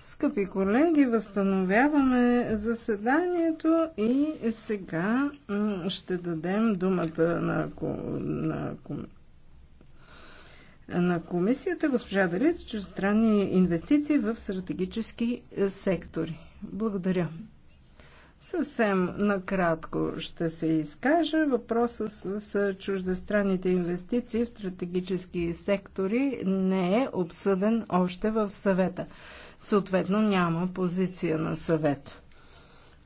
Скъпи колеги, възстановяваме заседанието и сега ще дадем думата на, на, на комисията госпожа Далиц чрез странни инвестиции в стратегически е, сектори. Благодаря. Съвсем накратко ще се изкажа. Въпросът с, с чуждестранните инвестиции в стратегически сектори не е обсъден още в съвета. Съответно няма позиция на съвета.